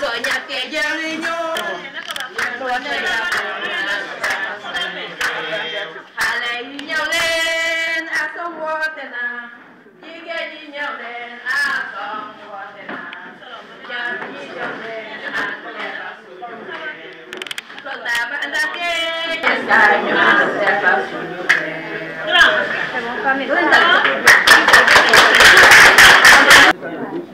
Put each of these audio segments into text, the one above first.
rồi nhặt kẻ gieo đi nhô luôn đây là hà lệ đi nhau lên à sông vô tên à chỉ ghé đi nhau lên à sông vô tên à chờ đi nhau lên à sông vô tên à bạn ra kia Hãy subscribe cho kênh Ghiền Mì Gõ Để không bỏ lỡ những video hấp dẫn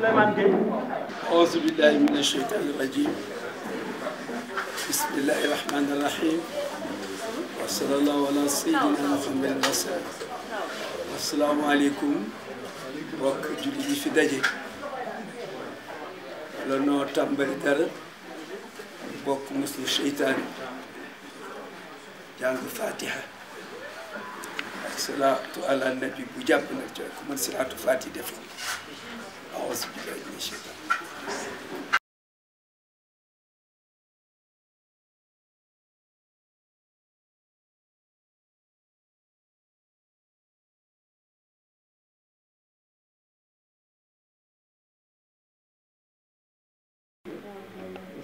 سليمان جي أعوذ بالله من الشيطان الرجيم بسم الله الرحمن الرحيم وصلى الله على سيدنا محمد المصر السلام عليكم بوك جولي في دجي لا نو تامبالي دار بوك مسلم الشيطان جانب فاتحه الصلاه على النبي بجاب نك من صلاه فاتحه أعوذ بالله من الشيطان والسلام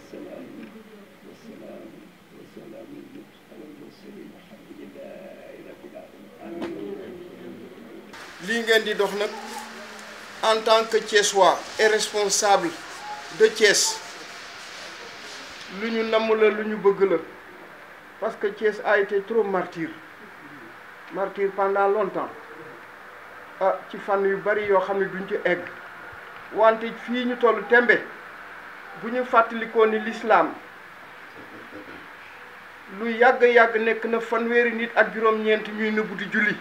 والسلام والسلام على المرسلين لله رب العالمين. lii ngeen di en tant que Thiessois et responsable de Thiès lu ñu nam la lu ñu bëgg la parce que Thiès a été trop martyr martyr pendant longtemps ah ci fànn yu bari yoo xam ne duñ ci egg wante fii ñu tollu tembe bu ñu fàttalikoo ni l'islam lu yàgg-yàgg nekk na fanweeri nit ak juróom-ñeent ñuy nëbbu julli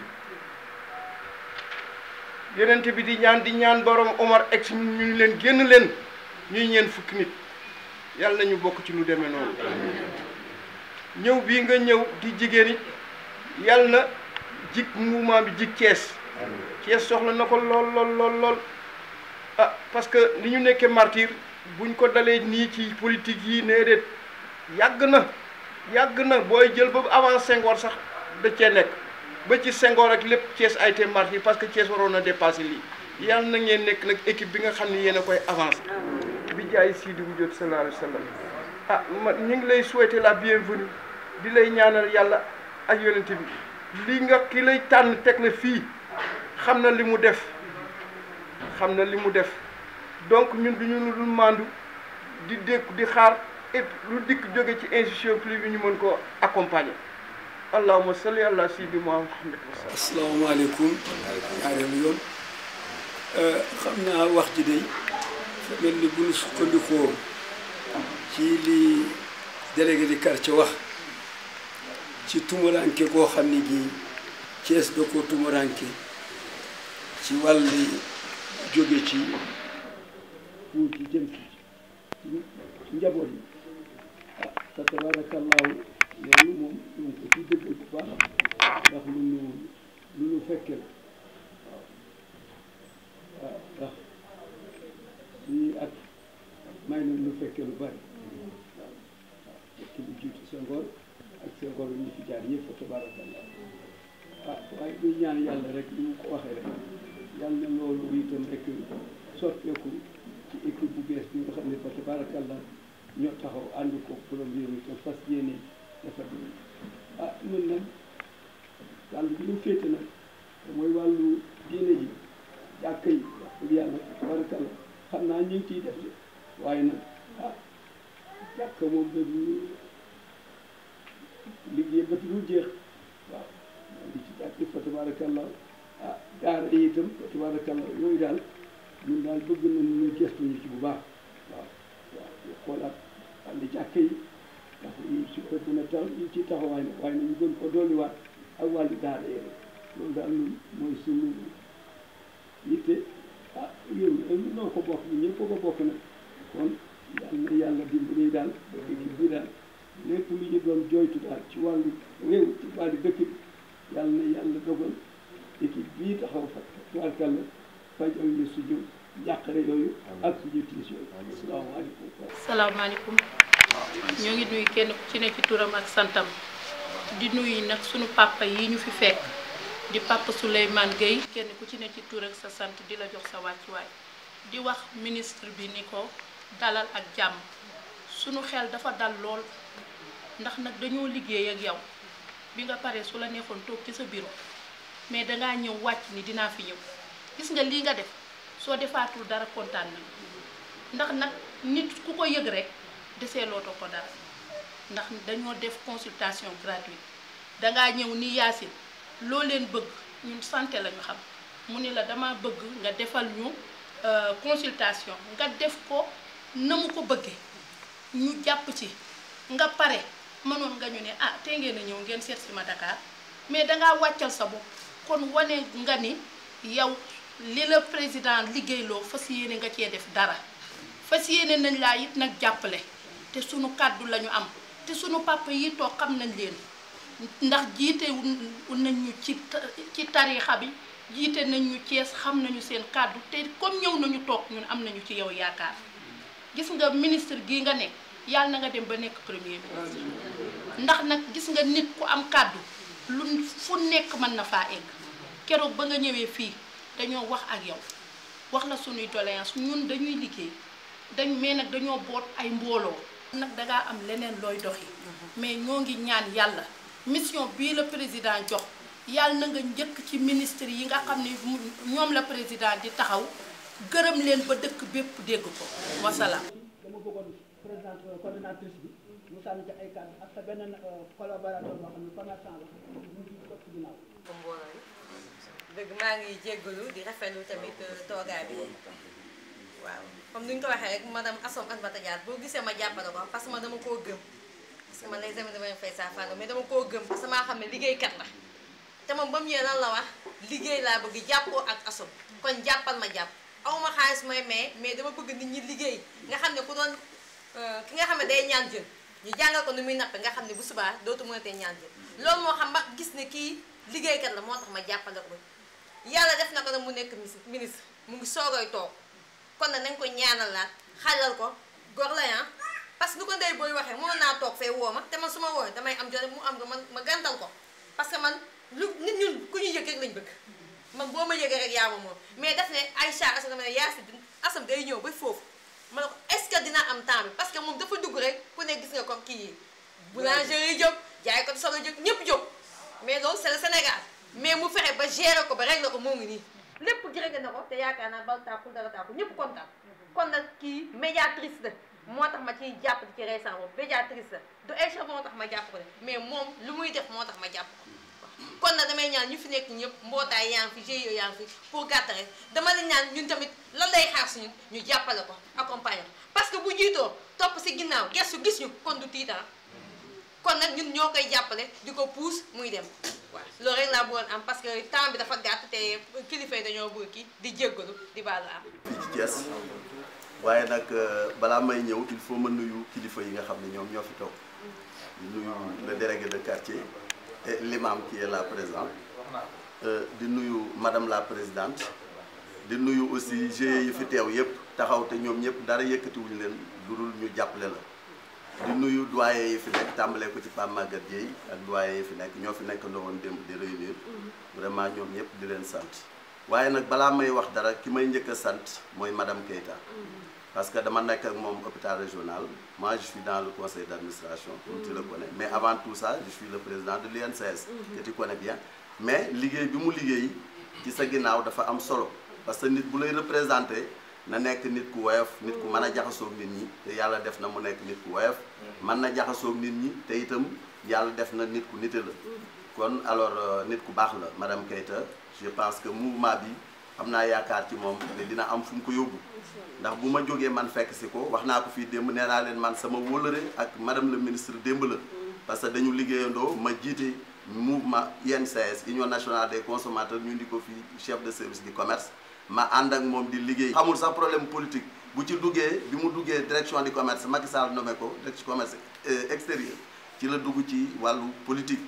yeneent bi di ñaan di ñaan boroomu Omar ex ñu leen génn leen ñu ñeen fukki nit yàlla nañu bokk ci lu deme noonu ñëw bii nga ñëw di jigéen it na jig mouvement bi jig Cees Cees soxla na ko lool lool lool ah parce que li ñu nekkee martyr buñ ko dalee nii ci politique yi nee yàgg na yàgg na booy jël ba avant Senghor sax da cee nekk ba ci Senghor ak lépp Thiès a été martyr parce que Thiès waroon na dépassé lii yàlla na ngeen nekk nag équipe bi nga xam ne yéen a koy avancé bi jaay Sidi bu jot sallallahu alayhi wa ah ma ñu ngi lay souhaiter la bienvenue di lay ñaanal yàlla ak yonent bi li nga ki lay tànn teg na fii xam na li mu def xam na li mu def donc ñun du ñu lu mandu di dékku di xaar et lu dikk jóge ci institution plus bi ñu mën ko accompagner allahuma salli ala sidi muhammad wa asalaamaaleykum ñaareelu yoon eh, xam naa wax ji day mel ni bu ñu sukkandikoo ci li délégué di quartier wax ci tumuranke koo xam ne gii Thiès da ko tumuranke ci wàlli jóge ci kuuci jëm ci njaboot yi ah tabaarakallahu loolu moom ñu ngi ko ciy dëggal bu baax ndax lu ñu lu ñu fekke ak may na lu fekke lu bari waaw waaw fekk lu jiitu Senghor ak Senghor ñu fi jaar yëpp fa tabarakallah ah waaye ñuy ñaan yàlla rek ni mu ko waxee rek yàlla na loolu itam rek sotteeku ci équipe bu bees bi nga xam ne fa tabarakallah ñoo taxaw ànd ko premier bi te fas yéene dafa dund ah nag wàllu bi ñu féete nag mooy wàllu diine ji jàkk yi wax dëgg yàlla barakalla xam naa ñu ngi ciy def waaye nag ah, jàkk moom da du liggéey ba du jeex waaw maa ngi ci jàkk fa tabarakalla ah daara yi itam fa tabarakalla yooyu daal ñun daal bëgg ñu ci bu baax waaw waaw xoolaat wàllu jàkk yi ndax si ëpp na tax ci taxawaay la waaye nañu gën ko dolliwaat ak wàllu daara yooyu loolu daal ñun mooy suñu yitte ah yow noo ko bokk ñun ko ko bokk nag kon yal yàlla dimbali daal ba dëkk bi daal lépp lu ñu doon jooytu daal ci wàllu réew ci wàllu dëkk bi yal na yàlla dogal équipe bii taxaw fa tubaarkàlla fajal ñu su jëm jàqare ñoo ngi nuy kenn ku ci ne ci turam ak santam di nuyu nag suñu papa yi ñu fi fekk di papa Souleymane Gueye kenn ku ci ne ci tur ak sa sant di la jox sa wàccuwaay di wax ministre bi ni ko dalal ak jàmm sunu xel dafa dal lool ndax nag dañoo liggéey ak yow bi nga paree su la neexoon toog ci sa bureau mais dangaa ñëw wàcc ni dinaa fi ñëw gis nga lii nga def soo defaatul dara kontaan nañu ndax nag nit ku ko yëg rek deseelooto ko dara ndax dañoo def consultation gratuite dangaa ñëw ni yaasin loo leen bëgg ñun sante lañu xam mu ni la dama bëgg nga defal ñu euh, consultation nga def ko na mu ko bëggee ñu jàpp ci nga pare mënoon nga ñu ne ah tee ngeen a ñëw ngeen seet si ma Dakar mais dangaa wàccal sa bopp kon wane nga ni yow li la président liggéeyloo fas yéene nga cee def dara fas yéene nañ laa it nag jàppale te sunu kàddu lañu am te sunu papa yi toog xam nañ leen ndax jiite nañ ñu ci ci tariixa bi jiite nañ ñu Cees xam nañu seen kàddu te comme ñëw nañu toog ñun am nañu ci yow yaakaar gis nga ministre gii nga nekk yàlla na nga dem ba nekk premier ministre ndax nag gis nga nit ku am kàddu lu fu nekk mën na faa egg keroog ba nga ñëwee fii dañoo wax ak yow wax la suñuy doléance ñun dañuy liggéey dañ mais nag dañoo boot ay mbooloo nag dangaa am leneen looy doxi mm-hmm. mais ñoo ngi ñaan yàlla mission bii la président jox yàlla na nga njëkk ci ministre yi nga xam ne ñoom la président di taxaw gërëm leen ba dëkk bépp dégg ko wasalaam dama bëggoon présidente coordinatrice bi mu sànni ci ay kàddu ak sa beneen euh, collaborateur boo xam ne commerçant la dëgg maa ngi jéggalu di rafetlu tamit euh, toogaay bi waaw comme ni ñu ko waxee rek madame Assome Anbata Diar boo gisee ma jàppale ko parce que ma dama koo gëm parce que man fay saa fànn mais dama koo gëm parce que maa xam ne liggéeykat la te moom ba mu ñëwee lan la wax liggéey laa bëgg jàppoo ak Assome kon jàppal ma jàpp aw ma xaalis may may mais dama bëgg nit ñi liggéey nga xam ne ku doon euh, ki nga xam ne day ñaan jël ñu jàngal ko nu muy nappe nga xam ne bu subaa dootu mënatee ñaan jël loolu moo xam ma gis ne kii liggéeykat la moo tax ma jàppale ko yàlla def na ko nag mu nekk ministre mu ngi soogay toog kon na nañ ko ñaanal laat xalal ko gor la ah. parce que nu ko ndey booy waxee mënoon naa toog fee woo ma te man su ma woowee damay am jot mu am nga man ma gàntal ko parce que man lu nit ñun ku ñu yëg rek lañ bëgg man boo ma yëgee rek yaa ma moom mais daf ne Aïcha Assane dama ne yaa si asam day ñëw ba foofu ma ne ko est-ce que dina am temps bi parce que moom dafa dugg rek ku ne gis nga comme kii yi boulangerie yi jóg jaay ko solo jóg ñëpp jóg mais loolu c'est Sénégal mais mu fexe ba gérer ko ba régler ko moo ngi nii lépp jërëge na ko te yaakaar naa bal tàkkul dara tàkkul ñëpp kontaan kon nag kii médiatrice la moo tax ma jàpp di ci rey sama bopp médiatrice la du ma jàpp mais moom lu muy def moo tax ma jàpp kon nag damay ñaan ñu fi nekk ñëpp mbootaay yaa ngi fi GIE yaa ngi dama la ñaan ñun tamit lan lay xaar ñu jàppale ko accompagner parce que bu jiitoo topp si ginnaaw gestu gis ñu kon du tiitaan kon nag ñun ñoo koy jàppale di ko pousse muy dem loolu rek laa bëggoon am parce que temps bi dafa gàtt te kilifa yi dañoo bëgg ki di jéggalu di baalu am. fii ci Thiès waaye nag euh, balaa may ñëw il faut ma nuyu kilifa yi nga xam ne ñoom ñoo fi toog nuyu le délégué de quartier et l'imam qui est la présent euh, di nuyu madame la présidente di nuyu aussi GIE yi fi teew yëpp taxaw te ñoom ñëpp dara yëkkatiwuñ leen lu dul ñu jàppale la. di nuyu doyen yi fi nekk tàmbalee ko ci Pape Maguette Gueye ak doyen yi fi nekk ñoo fi nekk ndowoon démb di réunir mm-hmm. vraiment ñoom ñëpp di leen sant waaye nag balaa may wax dara ki may njëkk sant mooy madame Keita mm-hmm. parce que dama nekk ak moom hôpital régional moi je suis dans le conseil d'administration comme tu le mm-hmm. connais mais avant tout ça je suis le président de l'INCS que tu connais bien mais liggéey bi mu liggéey ci sa ginnaaw dafa am solo parce que nit bu lay représenter na nekk nit ku woyof nit ku mën a jaxasoog nit ñi te yàlla def na mu nekk nit ku woyof man na jaxasoog nit ñi te itam yàlla def na nit ku nite la kon alors euh, nit ku baax la madame Keita je pense que mouvement bi am naa yaakaar ci moom ne dina am fu mu ko yóbbu ndax bu ma jógee man fekk si ko wax naa ko fii démb nee naa leen man sama wólëre ak madame le ministre démb la parce que dañu liggéeyandoo ma jiite mouvement UNCS union nationale des consommateurs ñu di ko fii chef de service du commerce ma ànd ak moom di liggéey. xamul sax problème politique bu ci duggee bi mu duggee direction di commerce Macky Sall nommé ko direction commerce euh, extérieur ci la dugg ci wàllu politique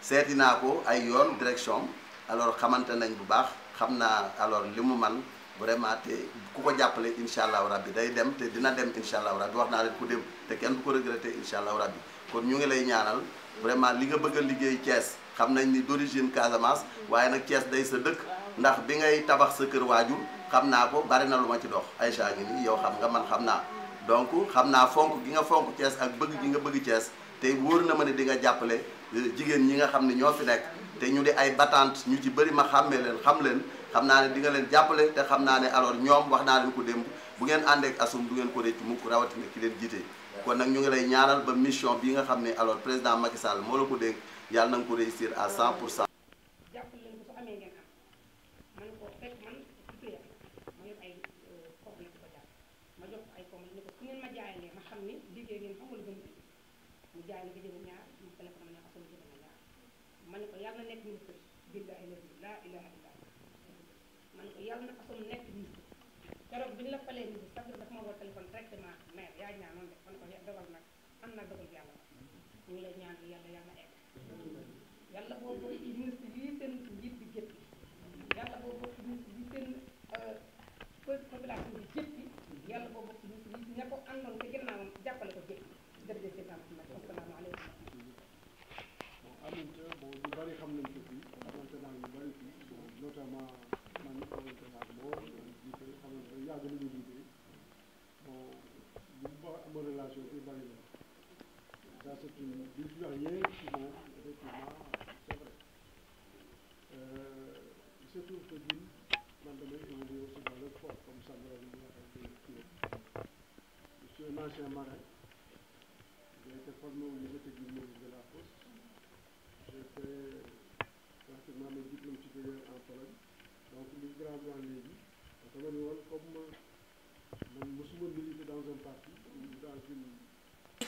seeti naa ko ay yoon direction alors xamante nañ bu baax xam naa alors li mu man vraiment te ku ko jàppale incha allahu rabbi day dem te dina dem incha allahu rabbi wax naa leen ku dem te kenn du ko regretté incha allahu rabbi kon ñu ngi lay ñaanal vraiment li nga bëgg a liggéey Thiès xam nañ ni d'origine Casamance waaye nag Thiès day sa dëkk. ndax bi ngay tabax sa kër waajur xam naa ko bari na lu ma ci dox ay Aïcha ngi nii yow xam nga man xam naa donc xam naa fonk gi nga fonk Thiès ak bëgg gi nga bëgg Thiès te wóor na ma ne di nga jàppale euh, jigéen ñi nga xam ne ñoo fi nekk te ñu di ay battante ñu ci bari ma xàmmee leen xam leen xam naa ne di nga leen jàppale te xam naa ne alors ñoom wax naa leen ko démb bu ngeen ànd ak asum du ngeen ko réccu mukk rawatina ki leen jiite kon nag ñu ngi lay ñaanal ba mission bi nga xam ne alors président Macky Sall moo ko dénk yàlla na ko réussir à 100 pour cent billahi laa ilaha illa man ko na façon nekk nit keroog bi ñu la falee nit sax dafa ma woo téléphone directement maire yaa ñaa noonu de man ko dogal nag am naa dogal yàlla ñu ngi lay ñaan yàlla yàlla egg yàlla c'est une du pluriel qui vont avec le mât, c'est vrai. Euh, il se trouve que d'une, maintenant, on est aussi dans le fort, comme ça, nous l'avons dit avec les clients. Je suis un ancien marin. J'ai été formé au niveau technique de la poste. Euh, J'ai fait pratiquement euh, mes diplômes supérieurs en Pologne. Donc, le grand blanc l'a dit. comme je me suis mobilisé dans un parti dans une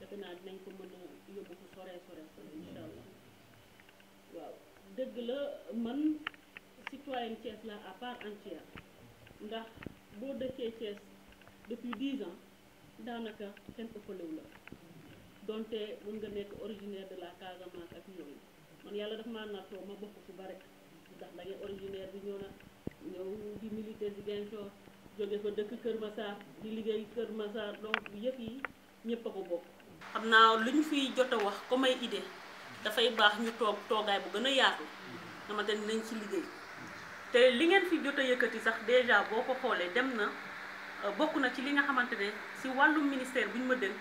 defe naa dinañ ko mën a yóbbu fu soree soree soree incha allah waaw dëgg la man citoyen Thiès la à part entière ndax boo dëkkee Thiès depuis dix ans daanaka kenn ëppalewu la donte mën nga nekk originaire de la Casamance ak yooyu man yàlla daf maa nattoo ma bokk fu bare ndax da ngay originaire bi ñëw na ñëw di militaire di Ziguinchor jóge fa dëkk Kër Massar di liggéey Kër Massar donc yëpp yi ñëpp a ko bokk xam naa lu ñu fiy jot a wax comme ay idée dafay baax ñu toog toogaay bu gën a yaatu xamante ni nañ ci liggéey te li ngeen fi jot a yëkkati sax déjà boo ko xoolee dem na euh, bokk na ci li nga xamante ne si wàllum ministère bi ñu ma dënk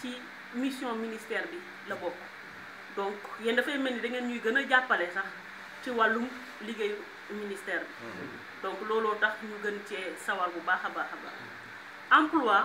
ci mission ministère bi la bokk donc yéen dafay mel ni da ngeen ñuy gën a jàppale sax ci wàllum liggéeyu ministère bi hmm. donc looloo tax ñu gën cee sawar bu baax a baax a baax emploi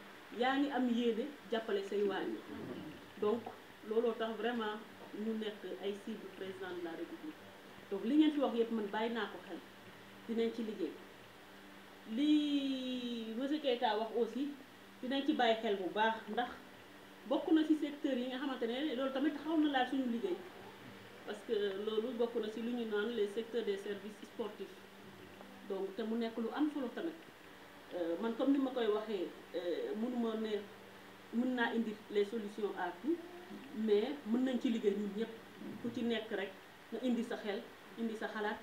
yaa am yéene jàppale say waajur donc looloo tax vraiment ñu nekk ay cible président de la république donc li ngeen fi wax yëpp man bàyyi naa ko xel dinañ ci liggéey li monsieur Keita wax aussi dinañ ci bàyyi xel bu baax ndax bokk na ci secteur yi nga xamante ne loolu tamit xaw na laal suñu liggéey parce que loolu bokk na ci lu ñu naan les secteurs des services sportifs donc te mu nekk lu am solo tamit Euh, man comme ni ma koy waxee euh, mënuma ne mën naa indi les solutions à tout mais mën nañ ci liggéey ñun ñëpp ku ci nekk rek nga indi sa xel indi sa xalaat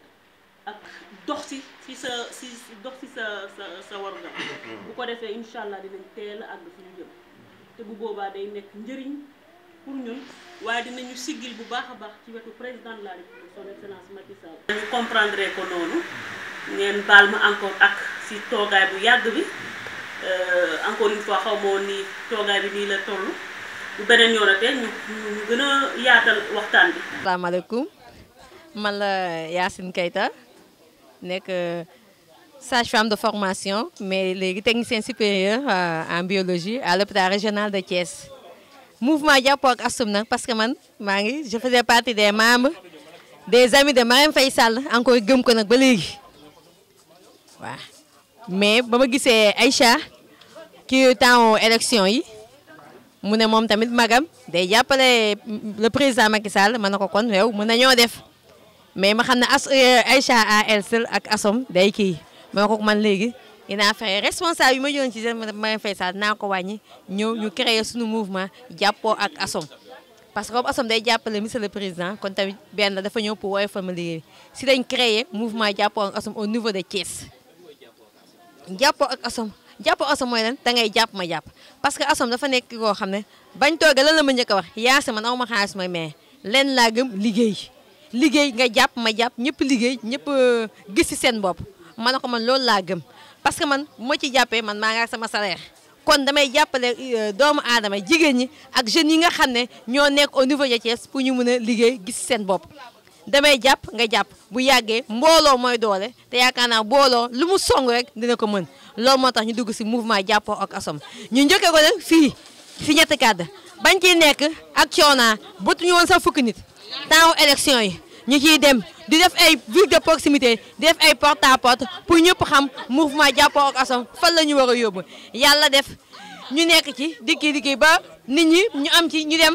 ak dox si sa si dox si sa sa sa warugar bu ko defee incha allah dinañ teel àgg fi ñu jëm te bu boobaa day nekk njëriñ pour ñun waaye dinañu siggil bu baax a baax ci wetu président de la république son excellence Macky dañu comprendre ko noonu ngeen baal ma encore ak si toogaay bu yàgg bi euh, encore une fois xaw ni woon toogaay bi nii la toll bu beneen yoonatee ñu ñu gën a yaatal waxtaan bi. asalaamaaleykum man la Yacine Keita nekk euh, sage-femme de formation mais léegi technicien supérieur euh, en biologie à l'hôpital régional de Thiès. mouvement jàppoo ak Assoum nag parce que man maa ngi je faisais partie des membres des amis de Marème Faye Sall encore gëm ko nag ba léegi. waaw mais ba ma gisee Aïcha ki temps élection yi mu ne moom tamit magam day jàppale le président Macky Sall ma ne ko kon réew mën nañoo def mais ma xam ne as euh, Aïcha à elle ak asom day kii ma ne ko man léegi dinaa fexe responsable yi ma jëloon ci ma fay Sall naa ko wàññi ñëw ñu créer suñu mouvement jàppoo ak asom parce que comme asom day jàppale monsieur le président kon tamit benn dafa ñëw pour woowee fa ma liggéey si lañ créer mouvement jàppoo ak asom niveau de Thiès. jàppoo ak asom jàppoo asom mooy lan da ngay jàpp ma jàpp parce que asom dafa nekk koo xam ne bañ toogee lan la ma njëkk a wax yaasa man aw ma xaalis ma mais leen laa gëm liggéey liggéey nga jàpp ma jàpp ñëpp liggéey ñëpp euh, gis ci seen bopp ma ne ko man loolu laa gëm parce que man bu ma ci jàppee man maa ngi ak sama salaire kon damay jàppale euh, doomu aadama jigéen ñi ak jeunes yi nga xam ne ñoo nekk au niveau de Thiès pour ñu mën a liggéey gis seen bopp damay jàpp nga jàpp bu yàggee mbooloo mooy doole te yaakaar naa booloo lu mu song rek dina ko mën loolu moo tax ñu dugg si mouvement jàppoo ak asom ñu njëkkee ko nag fii fi ñetti kàdd bañ ciy nekk ak coonaa bëtuñu sax fukki nit temps élection yi ñu ciy dem di def ay ville de def ay porte à ñëpp xam mouvement jàppoo ak asom fan la ñu war a yóbbu yàlla def ñu nekk ci dikki dikki ba nit ñi ñu am ci ñu dem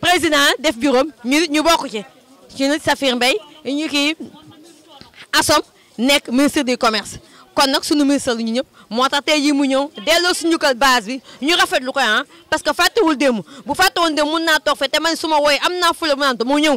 président def bureau ñu ñu bokk ci ci nit Saphir Mbaye ñu ki asom nek ministre du commerce kon nak suñu ministre ñu ñëpp moo tax tey jii mu ñëw delo suñu kër base bi ñu rafetlu ko hein parce que fàttewul dem bu fàttewul démb mun naa tok fe te man suma woy amna am naa fula mu naan ñëw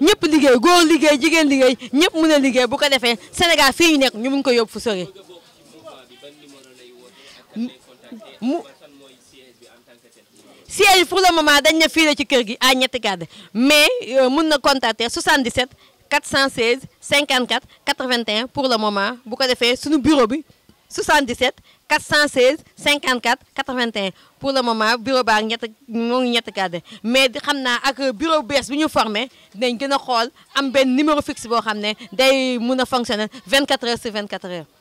ñëpp liggéey góor liggéey jigéen liggéey ñëpp mun a liggéey bu ko defee Sénégal fii ñu nekk ñu mun ko yóbbu fu sori mu siège pour le moment dañ na fii la ci kër gi à ñetti gàdd mais euh, mun na contacter 77 416 54 81 pour le moment bu ko defee suñu bureau bi 77 cent 416 54 81 pour le moment bureau baa ñett moo ngi ñetti gardé mais xam naa ak bureau bees bi ñu formé dinañ gën a xool am benn numéro fixe boo xam ne day mun a fonctionner 24 heures sur 24 heures.